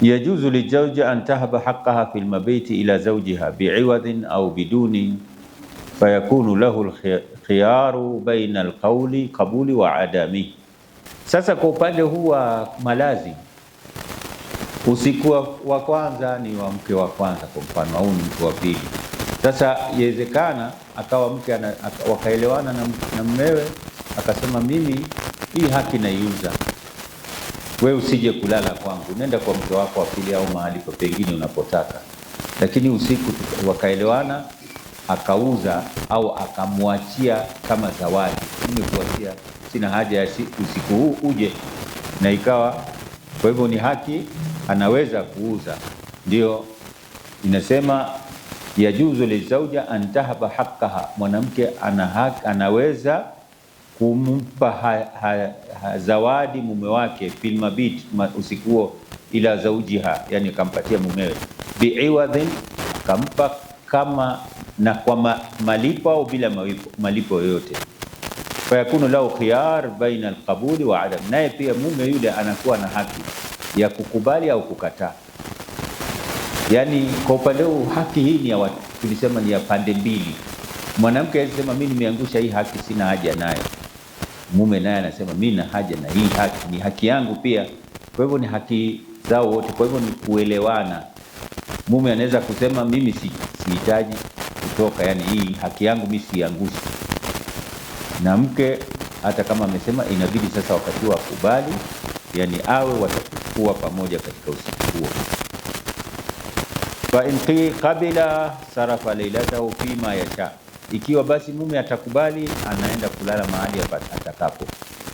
yajuzu liljauja an tahaba haqqaha fi lmabiti ila zaujiha biiwadhin au biduni fayakunu lahu lkhiyaru baina lqauli qabuli wa adami Sasa kwa upande huu wa malazi, usiku wa kwanza ni wa mke wa kwanza, kwa mfano, au ni mke wa pili. Sasa yawezekana akawa mke wakaelewana na, na mmewe akasema mimi hii haki naiuza wewe usije kulala kwangu, nenda kwa mke wako wa pili au mahali pengine unapotaka. Lakini usiku wakaelewana, akauza au akamwachia kama zawadi, nimekuachia, sina haja ya usiku huu uje, na ikawa kwa hivyo ni haki, anaweza kuuza. Ndio inasema yajuzu lizauja antahaba haqaha, mwanamke ana haki, anaweza kumpa ha, ha, ha, zawadi mume wake fil mabit usiku huo, ila zaujiha, yani akampatia mumewe biiwadhin, akampa kama na kwa ma, malipo au bila malipo yoyote. Fayakunu lahu khiyar baina alqabuli wa adam, naye pia mume yule anakuwa na haki ya kukubali au kukataa. Yani kwa upande huu haki hii ni ya watu, tulisema ni ya pande mbili. Mwanamke alisema mimi nimeangusha hii haki, sina haja nayo mume naye anasema mimi na haja na hii haki, ni haki yangu pia. Kwa hivyo ni haki zao wote, kwa hivyo ni kuelewana. Mume anaweza kusema mimi sihitaji kutoka, yani hii haki yangu mimi siangushi, na mke hata kama amesema, inabidi sasa wakati wa kubali, yani awe watakuwa pamoja katika usiku huo. Fa in qabila sarafa lailatahu fima yasha ikiwa basi mume atakubali, anaenda kulala mahali atakapo.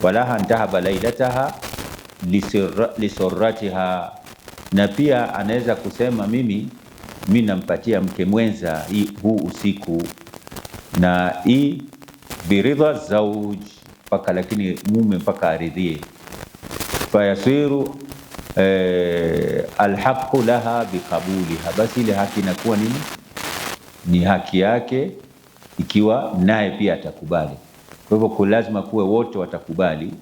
Walaha ntahaba lailataha lisoratiha na pia anaweza kusema mimi mi nampatia mke mwenza huu usiku, na hii biridha zauj mpaka, lakini mume mpaka aridhie. Fayasiru eh, alhaqu laha biqabuliha, basi ile haki inakuwa nini? Ni haki yake ikiwa naye pia atakubali. Kwa hivyo lazima kuwe wote watakubali